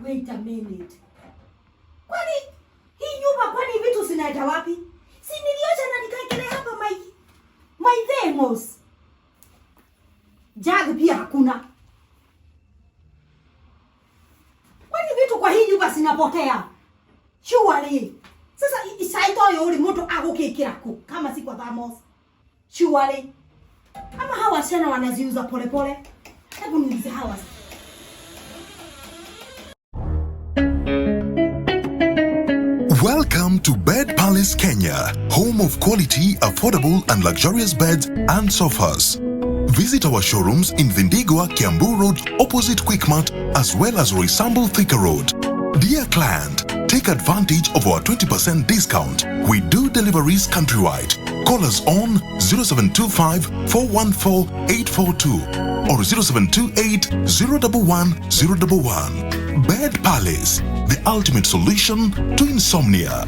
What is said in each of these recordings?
Wait a minute. Kwani hii nyumba kwani vitu zinaenda wapi? Si niliacha na nikaekele hapa my my demos. Jag pia hakuna. Kwani vitu kwa hii nyumba zinapotea? Surely. Sasa isaito yo mtu agukikira ku kama si kwa thamos. Surely. Ama hawa sana wanaziuza polepole. Hebu niulize hawa Welcome to Bed Palace Kenya, home of quality, affordable, and luxurious beds and sofas. Visit our showrooms in Vindigua, Kiambu Road, opposite Quickmart, as well as Resamble Thika Road. Dear client, take advantage of our 20% discount. We do deliveries countrywide. Call us on 0725 414 842 or 0728 011 011. Bed Palace the ultimate solution to insomnia.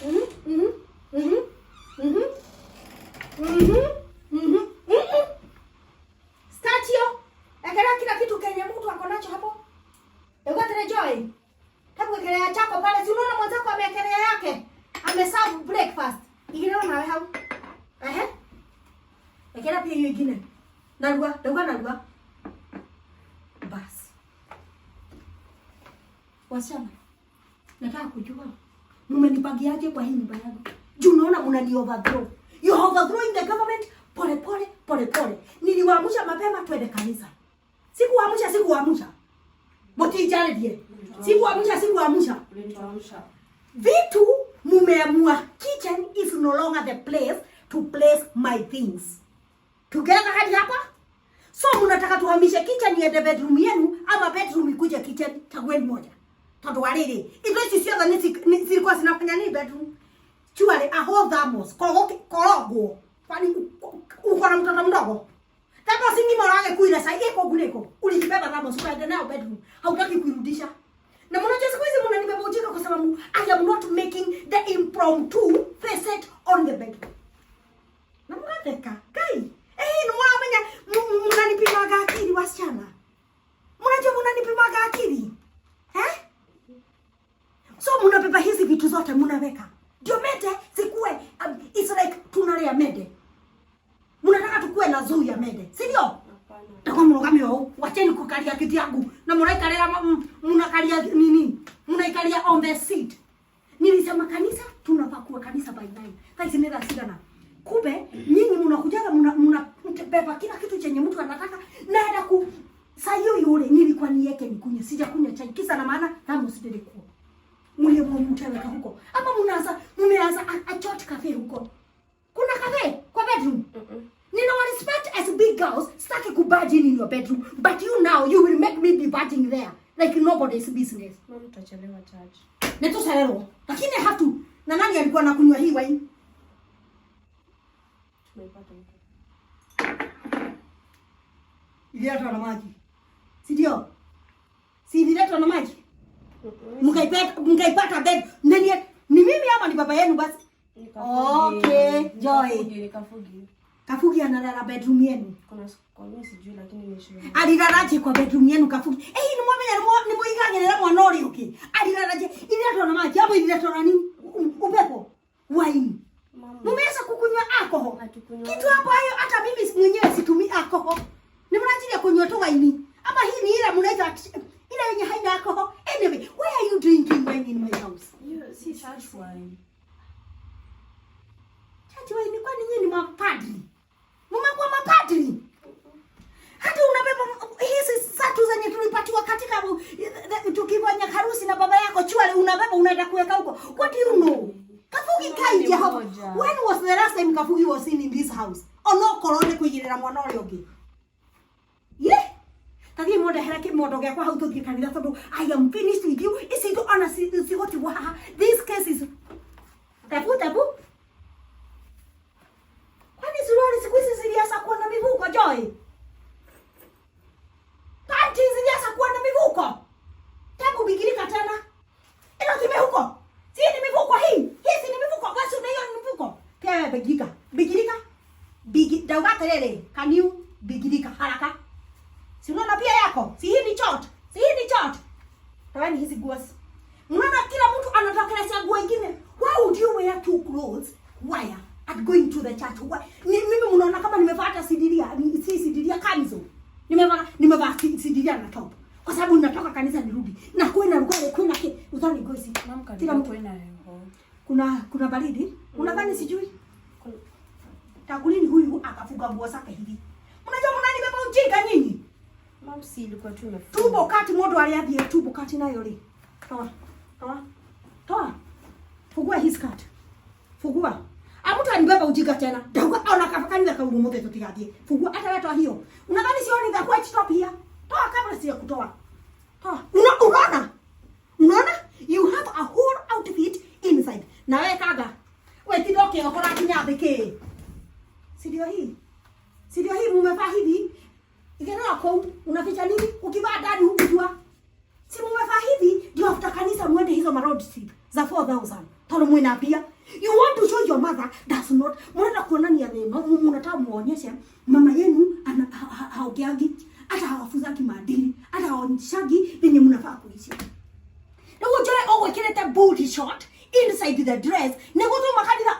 Mm-hmm, mm-hmm. mm-hmm. mm-hmm. Wasichana, nataka kujua mmenipagiaje kwa hii nyumba yangu? Juu naona mnani overthrow. You overthrowing the government pole pole pole pole. Niliwaamsha mapema twende kanisa. Sikuamsha, sikuamsha. Moti jale die. Sikuamsha, sikuamsha. Vitu mumeamua kitchen is no longer the place to place my things. Together hadi hapa? So mnataka tuhamishe kitchen ya the bedroom yenu ama bedroom ikuje kitchen tagweni moja tondu wariri indo ici ciothe ni cirikuwa ni bedroom chuale a whole thermos kwani uko mtoto mdogo thermos ngima urage kuira sai iko guniko ulijibeba thermos ukaenda nayo bedroom hautaki kuirudisha na mnaje siku hizi mnanibeba ujinga kwa sababu I am not making the impromptu facet on the bedroom na mkatheka kai eh ni mwana mnanipimaga akili wasichana mnajua mnanipimaga akili So mnabeba hizi vitu zote mnaweka. Ndio mede sikue um, it's like tunalea mede. Mnataka tukue na zoo ya mede, si ndio? Takwa mrogami wao, wacheni kukalia kiti yangu na mnaikalia mnakalia mm, nini? Mnaikalia on the seat. Nilisema kanisa tunapakua kanisa by nine. Kaisi nenda sigana. Kumbe nyinyi mnakujaga mnabeba kila kitu chenye mtu anataka naenda ku sayo yule nilikuwa niweke nikunywe. Sijakunywa chai kisa na maana kama usidede mlango mteweka huko ama mnaanza mmeanza a, kafe huko. Kuna kafe kwa bedroom. Mm -mm. Nina wa respect as big girls, sitaki kubudge in your bedroom, but you now you will make me be budging there like nobody's business. Mama tutachelewa church. Neto sarero. Lakini i have to na nani alikuwa anakunywa hii wai Tumepata huko. Ile hata na maji. Si ndio? Si ile hata na maji mkaipata mkaipata bed nani ni mimi ama ni baba yenu basi okay joy kafugi analala bedroom yenu kuna kwa bedroom yenu kafugi eh ni mwamenya ni mwiganyi na mwanori okay alilalaje ililetwa na maji hapo ililetwa na nini upepo wine mumeweza kukunywa alcohol kitu hapo hayo hata mimi mwenyewe situmii alcohol ni mnajili ya kunywa tu wine ama hii ni when was the last time Kabugi was seen in this house onokorwo nĩ kũigĩrĩra mwana ũrĩa ũngĩ yeah tathii mondehera kä mondo gä akwa hau tå thiä kanitha tondå i am finished with you is it ici indo ona cigotigwo haha this case is tabu tabu kwani suruari siku ici ciriacakwo na mihuko joy atiriri can you bigilika haraka si unaona pia yako si hii ni chot si hii ni chot tawani hizi nguo unaona kila mtu anatokelezea nguo ingine why would you wear two clothes why at going to the church why ni, mimi mnaona kama nimevaa sidiria ni, si sidiria kanzo nimevaa nimevaa sidiria na top kwa sababu ninatoka kanisa nirudi na kwenda rugale kwenda ke utani gozi kila mtu kuna kuna baridi unadhani sijui Tangu lini huyu akafuga nguo zake hivi? Unajua Mnajua nimepa ujinga nyinyi. Mamsi ilikuwa tu imefunga. Tubo kati moto aliadhi tubo kati nayo ile. Toa. Toa. Toa. Fugua his skirt. Fugua. Amuta anibeba ujinga tena. Dauka ona kafakani za kaulu mote tutigadie. Fugua hata wewe toa hiyo. Unadhani sioni the white top here? Toa kabla sio kutoa. Toa. Una unaona? Unaona? You have a whole outfit inside. Na wewe kaga. Wewe kidoke tidoke okora kinyathike ndio hii, si ndio hii? Mumevaa hivi igero yako unaficha nini? Ukivaa dadi huku si mumevaa hivi ndio afuta kanisa muende hizo marod si za 4000 tano mwenapia you want to show your mother does not kuona ni kuonania leo, unataka muonyeshe mama yenu ana haogeagi hata hawafuza maadili hata haonyeshagi venye mnafaa kuishi na wewe oh, wekele owekirete booty shot inside the dress Na wewe negozo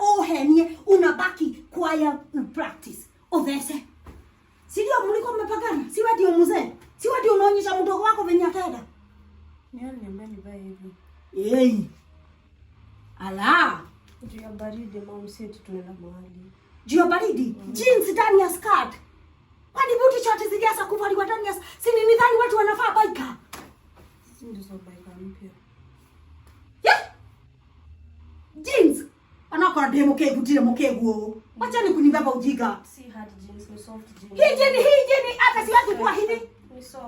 oh henye unabaki kwa ya uthece. Si ndio mliko mmepagana? Si wadi ndio mzee? Si wadi ndio unaonyesha mdogo wako venye ataenda? Nione niambia nivae hivi. Hey. Ala. Juu ya baridi mama sisi tunaenda mahali. Juu ya baridi? Mm Jeans ndani ya skirt. Kwani buti shoti zijasa kuvaliwa ndani ya si ni nidhani watu wanafaa baika. Sisi ndio so baika mpya. Yeah. Jeans akademo kegu tire mokegu wacha ni kunibeba ujiga si hard jeans ni soft jeans hii jeni hii jeni hata si watu kwa hivi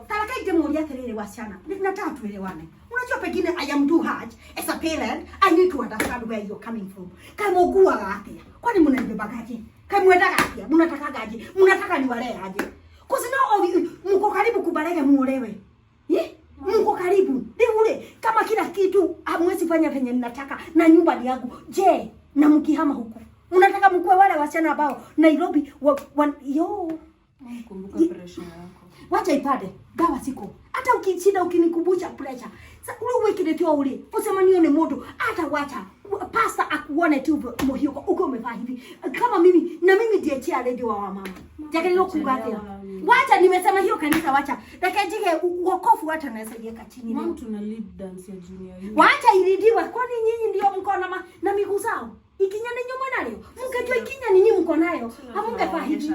Talaka ije mwambia kelele wasichana. Ninataka tuelewane. Unajua pengine I am too hard as a parent. I need to understand where you're coming from. Kama ugua gatia. Kwani mnanibeba gaje? Kama mwenda gatia. Mnataka gaje? Mnataka wale aje? Cause now oh, mko karibu kubarega muolewe. Eh? Mko karibu. Ni ule kama kila kitu hamwezi fanya venye ninataka na nyumba ni yangu. Je, na mkihama huko unataka mkue wale wasichana ambao Nairobi wa, wa, yo kumbuka pressure yako, wacha ipade gawa siko hata ukishinda ukinikumbusha pressure sasa ule wiki ndio ule usema nione moto hata wacha pasta akuone tu mohioko uko umevaa hivi kama mimi na mimi ndiye chair lady wa wamama jakalilo kungatia Mm. Wacha nimesema hiyo kanisa wacha. Dakajige wokovu wacha naweza iweka chini. Mom tuna lead dance ya junior year. Wacha iridiwe kwani nyinyi ndio mko na na miguu zao. Ikinya ni nyuma nayo. Mkajua ikinya ni nyinyi mko nayo. pa hivi.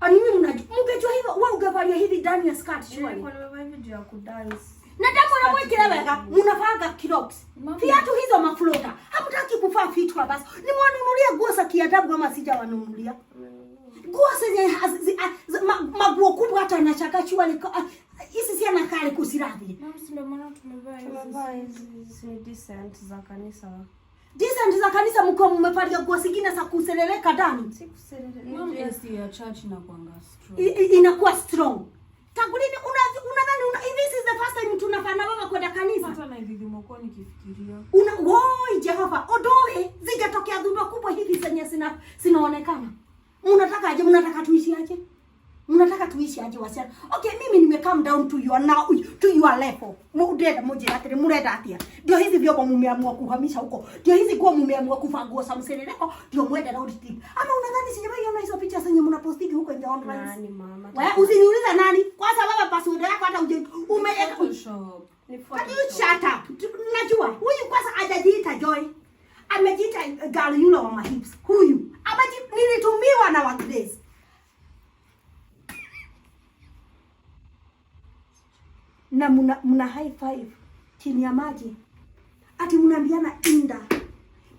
Anini mnajua. Mkajua hivi wewe ungevalia hivi ndani ya skirt sure. kwa nimevaa hivi juu ya kudance. Na tangu na mwe kila wega mnafanga kidox. Viatu hizo maflota. Hamtaki kuvaa vitu basi. Nimewanunulia nguo za kiadabu kama sijawanunulia. Mm nguo zenye maguo kubwa hata anachaka chua liko hizi si ana kale kusiradhi. Ndio maana tumevaa hizi hizi decent za kanisa. Decent za kanisa mko mmevalia nguo zingine za kuseleleka ndani. Si kuseleleka. Mambo si ya church inakuwa strong. Inakuwa strong. Tangu lini unadhani una hivi is the first time tunafanya baba kwenda kanisa? Hata na hivi mko nikifikiria. Una woi Jehova, odoe zingetokea dhumba kubwa hivi zenye sina sinaonekana. Mnataka aje? Mnataka tuishi aje? Mnataka tuishi aje wasichana? Okay, mimi nime calm down to your now to your level. Mudeda mmoja atire mureda atia. Ndio hizi vyombo mmeamua kuhamisha huko. Ndio hizi kwa mmeamua kuvaa nguo za mseleleko. Ndio mwenda round trip. Ama unadhani sijawahi ona hizo picha zenye mnapostiki huko nje online? Nani mama? Wewe usiniuliza nani? Kwanza baba password yako hata uje umeweka. Shut up. Najua huyu kwanza hajajiita Joy amejiita eh, girl yule wa mahips huyu, ameji nilitumiwa na watu Grace na muna, muna high five chini ya maji, ati mnaambiana inda,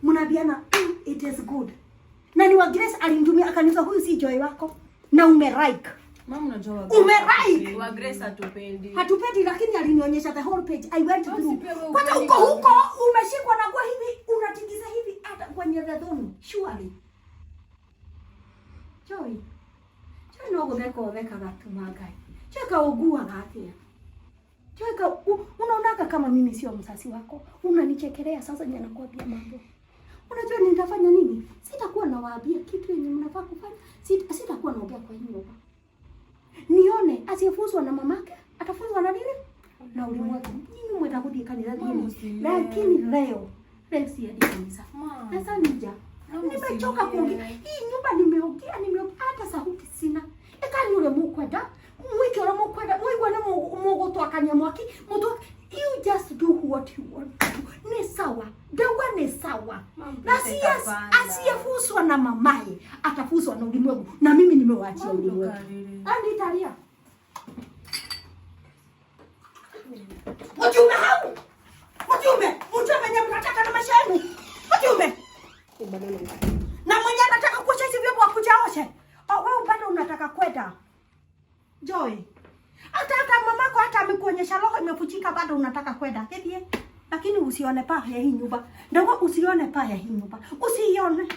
mnaambiana mm, it is good. Na ni wa Grace alinitumia akaniza, huyu si Joy wako na umeraika like hatupendi. lakini alinionyesha the whole page. I went oh, through. Kwanza uko huko umeshikwa na kwa hivi unatingiza hivi hata kwenye redhoni. Surely. Joy. Choi no go beko beka watu magai. Choi ka ugua gatia. Choi ka unaonaka kama mimi sio msasi wako. Unanichekelea sasa nje nakwambia mambo. Unajua nitafanya nini? Sitakuwa nawaambia kitu yenye mnafaa kufanya. Sitakuwa naongea kwa hii nyumba nione asiyefunzwa na mamake atafunzwa na nini? Na ulimwengu. Nyinyi mwenda kudia kanisa dini. Lakini leo leo si hadi kanisa. Sasa nija. Nimechoka kuongea. Hii nyumba nimeongea, nimeongea hata sauti sina. Eka ni ule mukwenda. Mwike ule mukwenda. Mwike ule mugutwa kanyamwaki. Mutwa You just do what you want to do. Ni sawa, dawa ni sawa, na asiyefuswa na mamaye atafuswa na ulimwengu, na mimi nimewaachia ulimwengu. Andi italia mjumbe hau mjumbe mtu mwenye mnataka na maisha yenu mjumbe na mwenye anataka kuosha hizi vyombo akujaoshe. Oh, wewe bado unataka kwenda Joy hata hata kuonyesha roho imefuchika bado unataka kwenda hivi, lakini usione paa ya hii nyumba ndogo, usione paa ya hii nyumba, usione